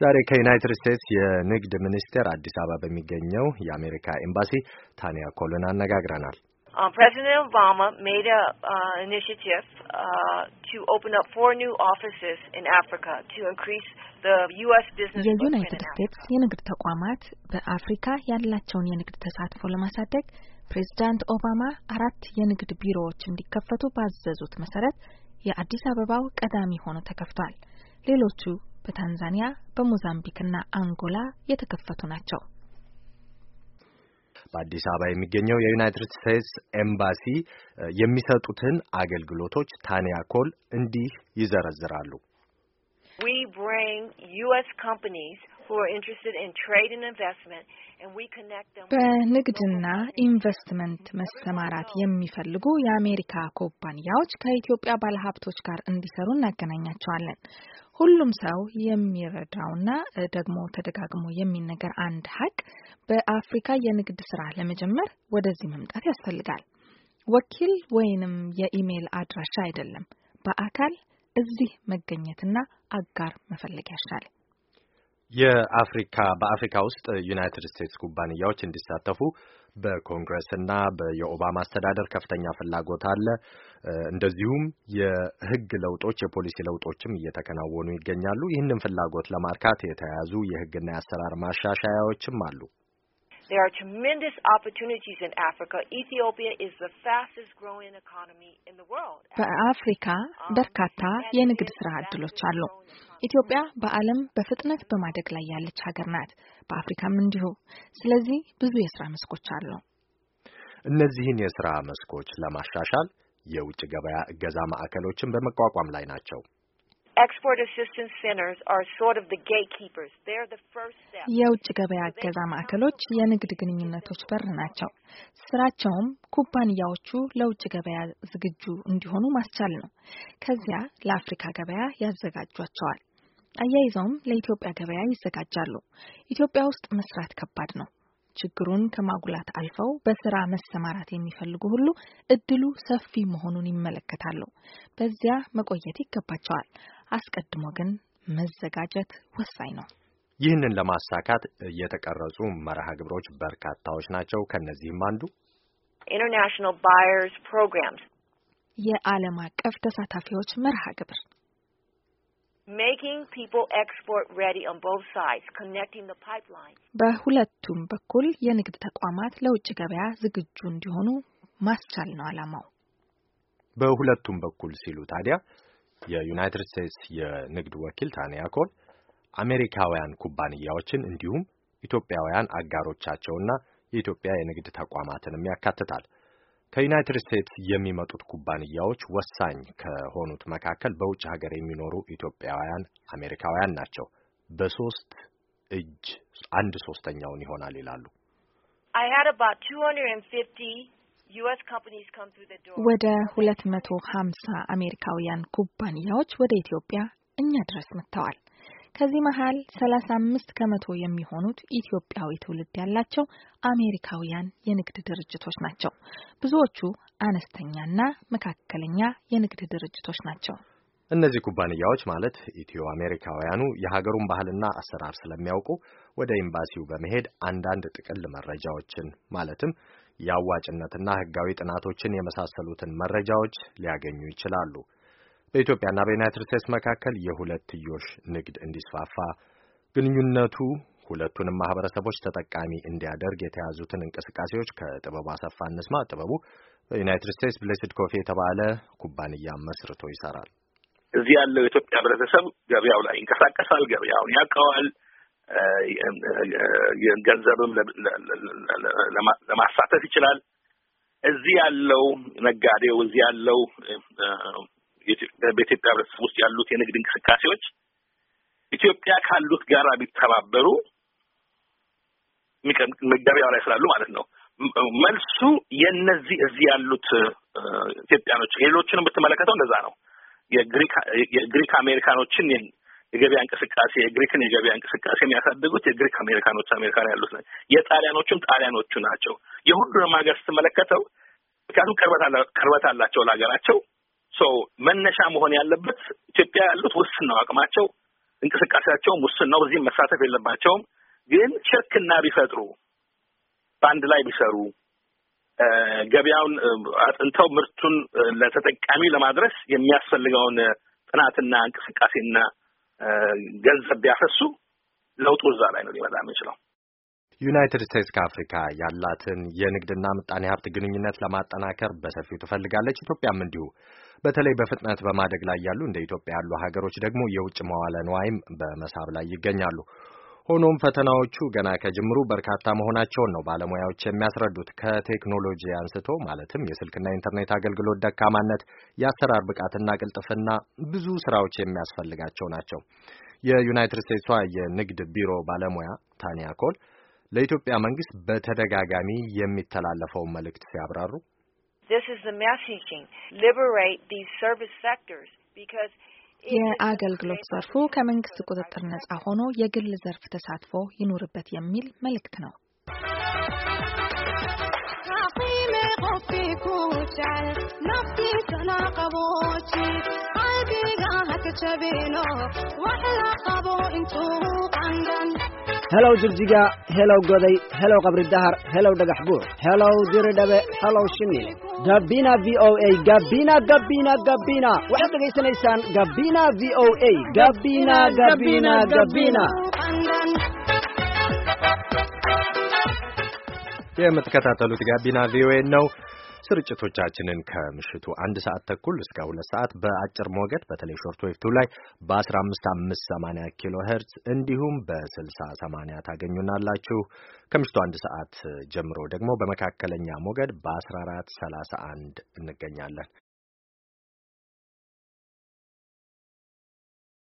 ዛሬ ከዩናይትድ ስቴትስ የንግድ ሚኒስቴር አዲስ አበባ በሚገኘው የአሜሪካ ኤምባሲ ታንያ ኮልን አነጋግረናል። ፕሬዚደንት ኦባማ ሜድ ኢኒሽቲቭ ቱ ኦፕን አፕ ፎር ኒው ኦፊስስ ኢን አፍሪካ ቱ የዩናይትድ ስቴትስ የንግድ ተቋማት በአፍሪካ ያላቸውን የንግድ ተሳትፎ ለማሳደግ ፕሬዚዳንት ኦባማ አራት የንግድ ቢሮዎች እንዲከፈቱ ባዘዙት መሰረት የአዲስ አበባው ቀዳሚ ሆኖ ተከፍቷል። ሌሎቹ በታንዛኒያ በሞዛምቢክና አንጎላ የተከፈቱ ናቸው። በአዲስ አበባ የሚገኘው የዩናይትድ ስቴትስ ኤምባሲ የሚሰጡትን አገልግሎቶች ታንያ ኮል እንዲህ ይዘረዝራሉ። በንግድና ኢንቨስትመንት መሰማራት የሚፈልጉ የአሜሪካ ኩባንያዎች ከኢትዮጵያ ባለሀብቶች ጋር እንዲሰሩ እናገናኛቸዋለን። ሁሉም ሰው የሚረዳውና ደግሞ ተደጋግሞ የሚነገር አንድ ሀቅ በአፍሪካ የንግድ ስራ ለመጀመር ወደዚህ መምጣት ያስፈልጋል። ወኪል ወይንም የኢሜይል አድራሻ አይደለም፣ በአካል እዚህ መገኘትና አጋር መፈለግ ያሻል። የአፍሪካ በአፍሪካ ውስጥ ዩናይትድ ስቴትስ ኩባንያዎች እንዲሳተፉ በኮንግረስና የኦባማ አስተዳደር ከፍተኛ ፍላጎት አለ። እንደዚሁም የህግ ለውጦች፣ የፖሊሲ ለውጦችም እየተከናወኑ ይገኛሉ። ይህንን ፍላጎት ለማርካት የተያያዙ የህግና የአሰራር ማሻሻያዎችም አሉ። There are tremendous opportunities in Africa. Ethiopia is the fastest growing economy in the world. በአፍሪካ um, በርካታ የንግድ ስራ እድሎች አሉ። ኢትዮጵያ በዓለም በፍጥነት በማደግ ላይ ያለች ሀገር ናት። በአፍሪካም እንዲሁ። ስለዚህ ብዙ የስራ መስኮች አሉ። እነዚህን የስራ መስኮች ለማሻሻል የውጭ ገበያ እገዛ ማዕከሎችን በመቋቋም ላይ ናቸው። የውጭ ገበያ እገዛ ማዕከሎች የንግድ ግንኙነቶች በር ናቸው። ስራቸውም ኩባንያዎቹ ለውጭ ገበያ ዝግጁ እንዲሆኑ ማስቻል ነው። ከዚያ ለአፍሪካ ገበያ ያዘጋጇቸዋል። አያይዘውም ለኢትዮጵያ ገበያ ይዘጋጃሉ። ኢትዮጵያ ውስጥ መስራት ከባድ ነው። ችግሩን ከማጉላት አልፈው በስራ መሰማራት የሚፈልጉ ሁሉ እድሉ ሰፊ መሆኑን ይመለከታሉ። በዚያ መቆየት ይገባቸዋል። አስቀድሞ ግን መዘጋጀት ወሳኝ ነው። ይህንን ለማሳካት የተቀረጹ መርሃ ግብሮች በርካታዎች ናቸው። ከእነዚህም አንዱ ኢንተርናሽናል ባየርስ ፕሮግራምስ የዓለም አቀፍ ተሳታፊዎች መርሃ ግብር በሁለቱም በኩል የንግድ ተቋማት ለውጭ ገበያ ዝግጁ እንዲሆኑ ማስቻል ነው ዓላማው። በሁለቱም በኩል ሲሉ ታዲያ የዩናይትድ ስቴትስ የንግድ ወኪል ታንያ ኮል አሜሪካውያን ኩባንያዎችን እንዲሁም ኢትዮጵያውያን አጋሮቻቸውና የኢትዮጵያ የንግድ ተቋማትንም ያካትታል። ከዩናይትድ ስቴትስ የሚመጡት ኩባንያዎች ወሳኝ ከሆኑት መካከል በውጭ ሀገር የሚኖሩ ኢትዮጵያውያን አሜሪካውያን ናቸው። በሶስት እጅ አንድ ሶስተኛውን ይሆናል ይላሉ። I had about 250 ወደ 250 መቶ አሜሪካውያን ኩባንያዎች ወደ ኢትዮጵያ እኛ ድረስ መጥተዋል። ከዚህ መሀል 35 ከመቶ የሚሆኑት ኢትዮጵያዊ ትውልድ ያላቸው አሜሪካውያን የንግድ ድርጅቶች ናቸው። ብዙዎቹ አነስተኛና መካከለኛ የንግድ ድርጅቶች ናቸው። እነዚህ ኩባንያዎች ማለት ኢትዮ አሜሪካውያኑ የሀገሩን ባህልና አሰራር ስለሚያውቁ ወደ ኤምባሲው በመሄድ አንዳንድ ጥቅል መረጃዎችን ማለትም የአዋጭነትና ህጋዊ ጥናቶችን የመሳሰሉትን መረጃዎች ሊያገኙ ይችላሉ። በኢትዮጵያና በዩናይትድ ስቴትስ መካከል የሁለትዮሽ ንግድ እንዲስፋፋ ግንኙነቱ ሁለቱንም ማህበረሰቦች ተጠቃሚ እንዲያደርግ የተያዙትን እንቅስቃሴዎች ከጥበቡ አሰፋ እንስማ። ጥበቡ በዩናይትድ ስቴትስ ብሌስድ ኮፊ የተባለ ኩባንያ መስርቶ ይሰራል። እዚህ ያለው የኢትዮጵያ ህብረተሰብ ገበያው ላይ ይንቀሳቀሳል፣ ገበያውን ያውቀዋል፣ ገንዘብም ለማሳተፍ ይችላል። እዚህ ያለው ነጋዴው እዚህ ያለው በኢትዮጵያ ህብረተሰብ ውስጥ ያሉት የንግድ እንቅስቃሴዎች ኢትዮጵያ ካሉት ጋራ ቢተባበሩ ገበያው ላይ ስላሉ ማለት ነው። መልሱ የነዚህ እዚህ ያሉት ኢትዮጵያኖች ሌሎችንም ብትመለከተው እንደዛ ነው። የግሪክ አሜሪካኖችን የገበያ እንቅስቃሴ የግሪክን የገበያ እንቅስቃሴ የሚያሳድጉት የግሪክ አሜሪካኖች አሜሪካን ያሉት የጣሊያኖቹም ጣሊያኖቹ ናቸው። የሁሉንም ሀገር ስትመለከተው ምክንያቱም ቅርበት አላቸው ለሀገራቸው ሰው መነሻ መሆን ያለበት ኢትዮጵያ ያሉት ውስን ነው አቅማቸው፣ እንቅስቃሴያቸውም ውስን ነው። እዚህም መሳተፍ የለባቸውም። ግን ሸክና ቢፈጥሩ በአንድ ላይ ቢሰሩ ገበያውን አጥንተው ምርቱን ለተጠቃሚ ለማድረስ የሚያስፈልገውን ጥናትና እንቅስቃሴና ገንዘብ ቢያፈሱ ለውጡ እዛ ላይ ነው ሊመጣ የሚችለው። ዩናይትድ ስቴትስ ከአፍሪካ ያላትን የንግድና ምጣኔ ሀብት ግንኙነት ለማጠናከር በሰፊው ትፈልጋለች። ኢትዮጵያም እንዲሁ። በተለይ በፍጥነት በማደግ ላይ ያሉ እንደ ኢትዮጵያ ያሉ ሀገሮች ደግሞ የውጭ መዋለ ንዋይም በመሳብ ላይ ይገኛሉ። ሆኖም ፈተናዎቹ ገና ከጅምሩ በርካታ መሆናቸውን ነው ባለሙያዎች የሚያስረዱት። ከቴክኖሎጂ አንስቶ ማለትም የስልክና ኢንተርኔት አገልግሎት ደካማነት፣ የአሰራር ብቃትና ቅልጥፍና ብዙ ስራዎች የሚያስፈልጋቸው ናቸው። የዩናይትድ ስቴትሷ የንግድ ቢሮ ባለሙያ ታኒያ ኮል ለኢትዮጵያ መንግስት በተደጋጋሚ የሚተላለፈውን መልእክት ሲያብራሩ የአገልግሎት ዘርፉ ከመንግስት ቁጥጥር ነጻ ሆኖ የግል ዘርፍ ተሳትፎ ይኖርበት የሚል መልእክት ነው። helow jigjiga helow goday helow qabri dahar helow dhagax buux helow diridhabe helow shimil gabina v o a gabina gabina gabina waxaad dhegaysanaysaan gabina v o a gabina gabina gabina የምትከታተሉት ጋቢና ቪኦኤ ነው። ስርጭቶቻችንን ከምሽቱ አንድ ሰዓት ተኩል እስከ ሁለት ሰዓት በአጭር ሞገድ በተለይ ሾርት ዌቭቱ ላይ በ15580 ኪሎ ሄርትስ እንዲሁም በ6080 ታገኙናላችሁ። ከምሽቱ አንድ ሰዓት ጀምሮ ደግሞ በመካከለኛ ሞገድ በ1431 እንገኛለን።